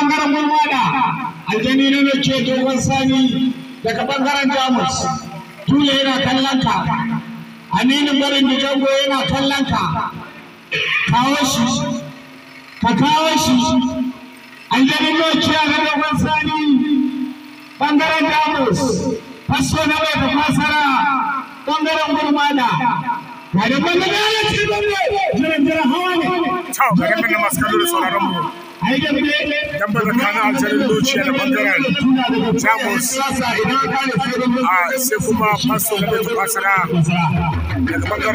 bangaren gulmada aljani ne mai ce dogon sami daga bangaren jamus tule yana kallon ka aminin barin da jango yana kallon ka kawo shi ka kawo shi aljani ne ce a dogon sami bangaren jamus faso na bai da fasara bangaren gulmada ga da ga ya ce dogon jiran jiran hawa ne. Ciao, ga ganin masu kallo da sauraron mu. dan ba tsakanin aljarin dociya da bangaren jamus a ah, sai kuma pastor kwaitu da ke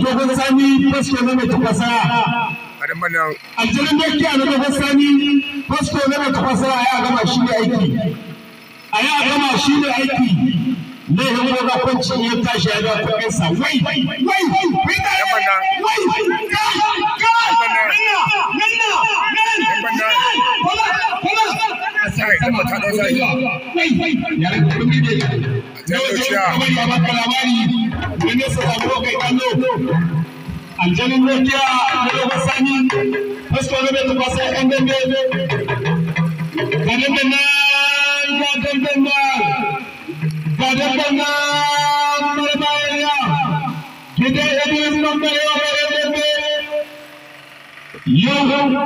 dogon sani pastor na mai tafasa aljarin ke dogon sani pastor ne mai tafasa a yi a gama shi ne aiki a yi a gama shi ne aiki laifin wadatanci ne tashi ya ga kuɗinsa wai wai wai wai wai aljanin nokiya wai dogon sani yau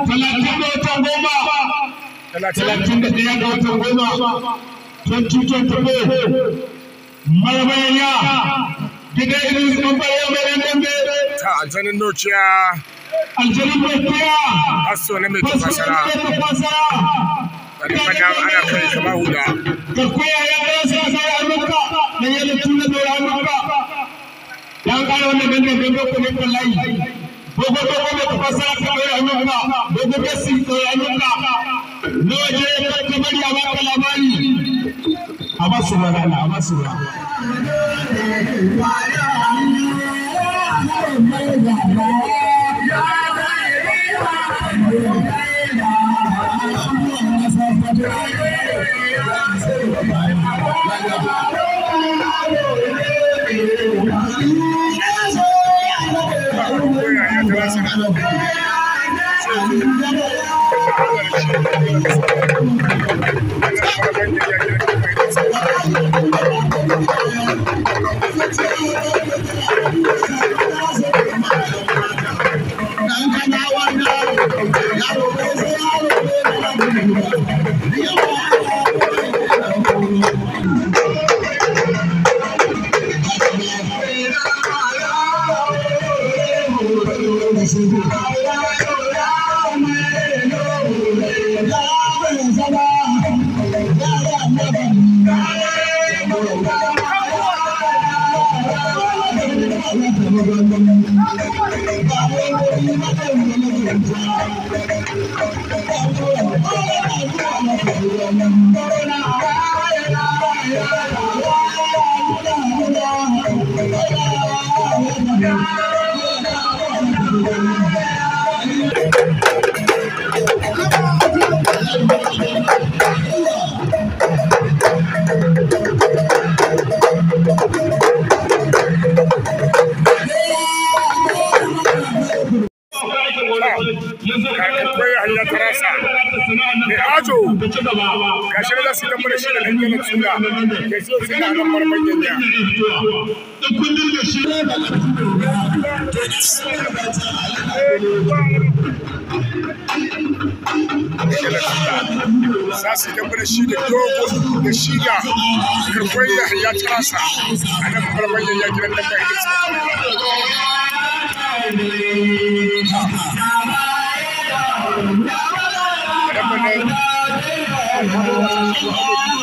talatin da watan goma talatin da ɗaya goma 2024 marmarin ya gidan irin kamfani ya mai dambe ta aljanin nociya aljanin nociya hasso na mai tafasara bari fada ana kai kama hula garkuwa ya kai sasara danyele tuna do ya maka dan kai wannan gangan gangan ko ne wallahi gogo gogo ne fasa ka bai ya maka gogo kasi ko ya maka no je ka kamar ya maka labari amma subhanallah amma subhanallah Thank you. Thank you. ka so su na nan za su da shi da dogo da shi da karfai ya a nan ya da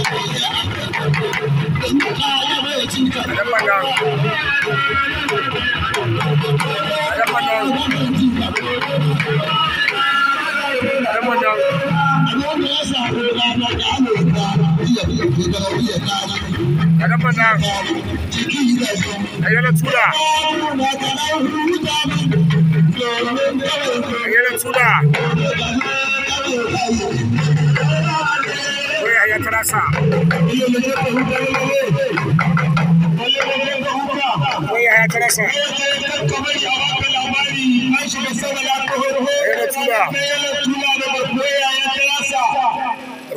Kadamana, Ayala Tula, Ayala Tula, Where are you, Tarasa?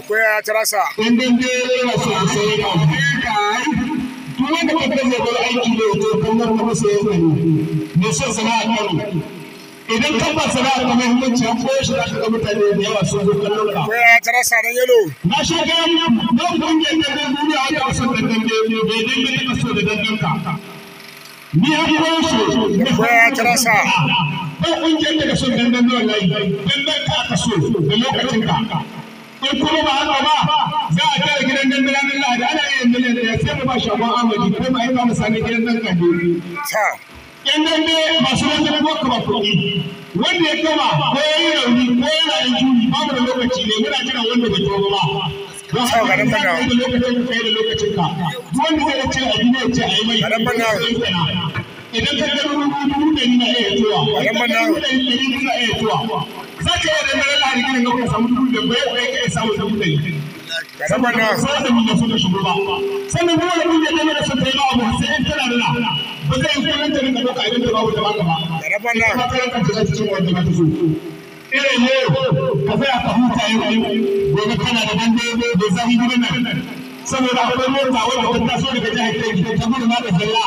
Where Tarasa? duk wanda ka kai zai aiki da ya kai kallon kuma sai ya tsani mai son sana'a idan ka ba sana'a ta muhimmanci an koya shi za ka ga mutane da yawa sun zo kallon ka. Ko ya tara da yalo. Na shi ga don kungiyar da zai duniya son da dange bai dange da kaso da dangen ka. Ni har koyo shi. Ko ya tara sa. Ba kungiyar da kaso dangen da wallahi dangen ka kaso da lokacin ka. in kuma ba haka ba za a tara gidan dandana na lahadi ana yin miliyan ɗaya sai mu ba shagon amadi ko mu aika mu sami gidan dan yan dambe masu wata ko kuma kuɗi wanda ya kama ko ya yi rauni ko yana yin juri babu da lokaci ne muna jira wanda bai tobo ba da lokacin ka a duniya ce a idan ka ga rubutu da ni na iya tuwa idan ka ga rubutu da ni na iya tuwa za ka yi dan daren lahadi kana ga samu dubu da bai kai ka samu dubu da saboda saboda mun da su da shugaba sannan mu wani kungiya tana da su ta yi ba abu sai in tana da ba zai kullun ta rinka doka idan da babu da baka ba da na makaranta ta zai cin wanda ka so irin yau ka tsaya ka huta yau gobe kana da bande da zahi gidan nan saboda akwai mota wanda wata so daga jihar Kebbi ta gudu ma da zalla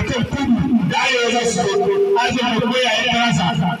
akan kudu da arewa za su zo ajiyar koyayen faransa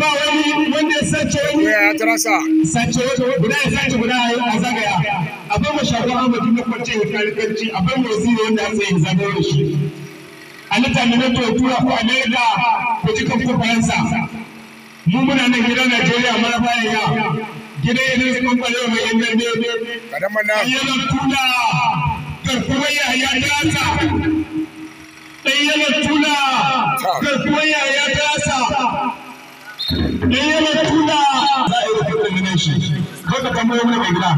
ba wani wanda ya sace wani ya tarasa sace guda ya sace guda a zagaya akwai masharu ahmadu na kwace ya karikanci akwai wanda ya tsaye zagaya shi a mutane na tortura ko amerika ko jikan ko faransa mu muna nan gidan najeriya mara bayan ya gidan yana sun kwarewa mai yan dambe kadama na yana tuna garkuwa yaya data ɗan yana tuna garkuwa in kamar mai gida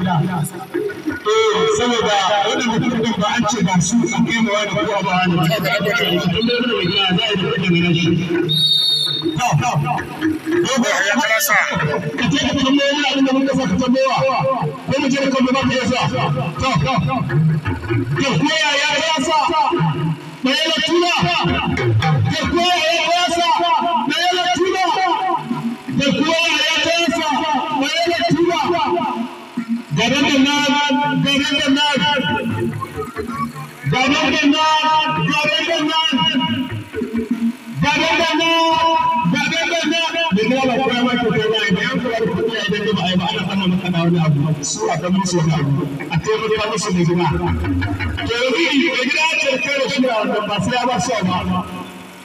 eh saboda wannan din ba an ce ba su a kai mawa da kowa ba wani ta da abata da mai gida za a yi rufin da gidan shi Dogo ya sa. Ka ce ka tambaye abin da mun kasa ka tambayewa. Ko mu je ka ba ka yasa. To, to. ya Bayan tuna. Ya da kuma yayansa waye da tuba gare da na gare da na gare da na gare da na gare da na gare da na da ba kuma ma ke kai ba idan an kula da kuma ya dai ba ai ba ana sanin maka wani abu su a kan musu wani abu a taimaka musu da gida to yi da gida ce kai da shi a wannan ba sai ya ba su ba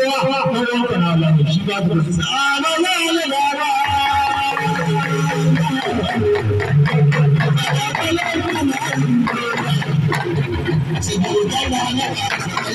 kowa dan wanka na Allah ne shi ba ku sama la la la la Thank you.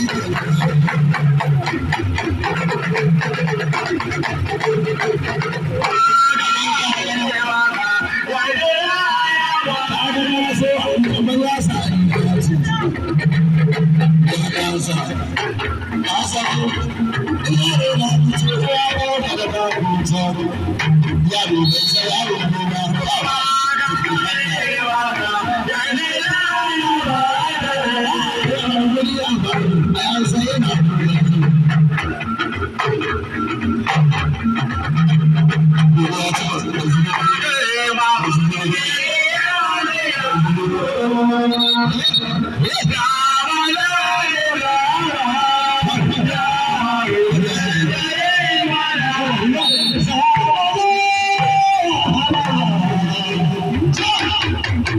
Thank you.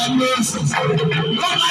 Allah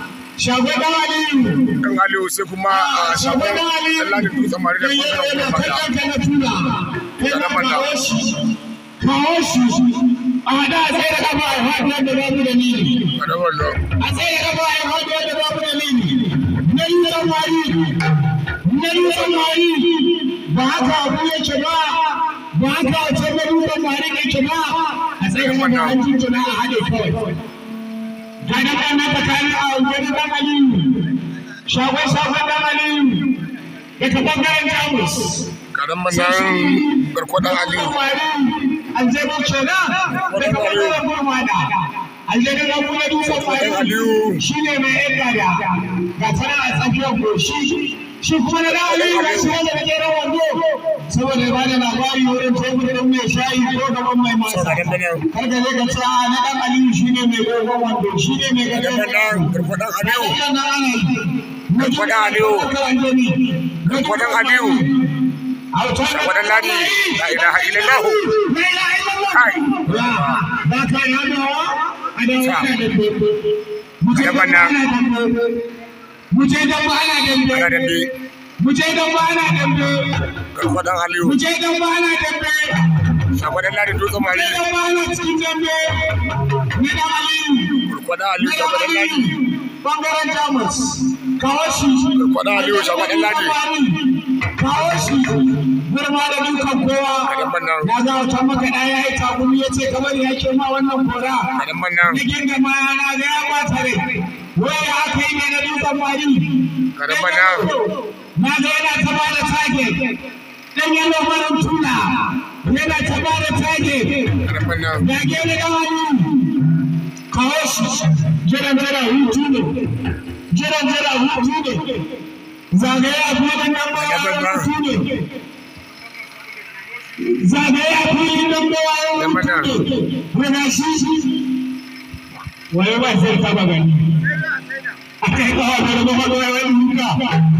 shago aliyu sai kuma shago dan Allah da dutsen mare da kuma kan tura a hada a tsaye da kafa a haɗuwa da babu da nini a tsaye da kafa a haɗuwa da da nini na yi samari na yi samari ba haka abu yake ba ba haka a tsaye da dutsen mare yake ba a tsaye da kafa a haɗuwa da babu da nini daga na tsakanin a wani dan aliyu shagon shagon dan aliyu daga bangaren jamus karan masarar garkwadan aliyu aljebin kenan daga bangaren burmada aljebin dan kuma dutsen aliyu shi ne mai yan da ga tana a tsakiyar goshi shi kuma na da aliyu ga shi wanda da ke rawar wando saboda ba da labari wurin teburin mai shayi ko gaban mai masa kar ka je ka a ah, na dan aliyu shine mai gogon wando shine mai gadon garfadan aliyu garfadan aliyu garfadan aliyu garfadan ladi la ilaha illallah kai ba ka yadawa a da wata da mu je da ana dambe ana dambe mu je dan ba ana dambe karkwadan aliyu mu je dan ba ana dambe sakwadan ladi dutse mari Mu dan ba ana cikin dambe ni dan aliyu karkwadan aliyu sakwadan ladi bangaren jamus kawashi karkwadan aliyu sakwadan ladi kawashi girma da dukan kowa na za a can maka ɗaya ya yi takumi ya ce kamar ya ke ma wannan kora na ginga ma na ga ya ɓata rai wai aka yi ne na dukan mari karambanan na ga yana ta ba da target dan yana barin tuna yana ta ba da target ya ga yana da hannu kawo shi jiran jira hutu ne jiran jira hutu ne zagaye a filin nan ba hutu ne zagaye a filin nan ba hutu ne wani shi wai ba zai taba gani a kai kawo da mafaɗo ya wani hutu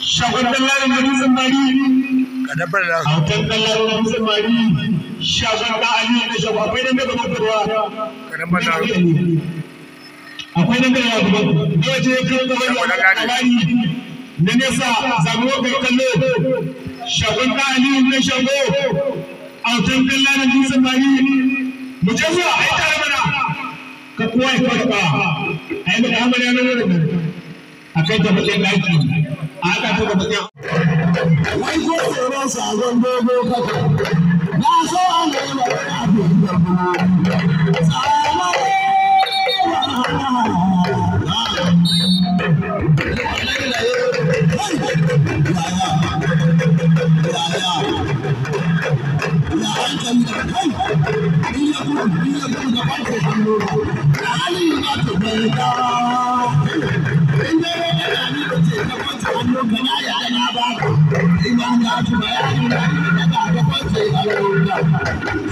shagundallarin gari samari kadabar da hautandallarin gari samari shagun Ali aliyu da shagun akwai nan da na nesa zamuwa kallo samari mu je zuwa ai tare mana ka kowa ya farka ai mu da amarya nan a kai ta bakin daki aka tuka bakin wai ko tsoron sagon dogo kaka na so an ga yi magana a cikin garbuna tsamare Thank you.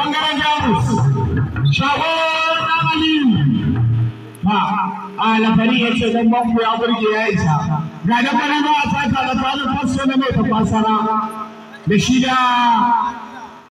bangaren jamus shagowar aliyu ba a lafari ya ce dan banku ya burge ya isa ga da bari ba a sata da tsarin fasso na mai tafasara da shida.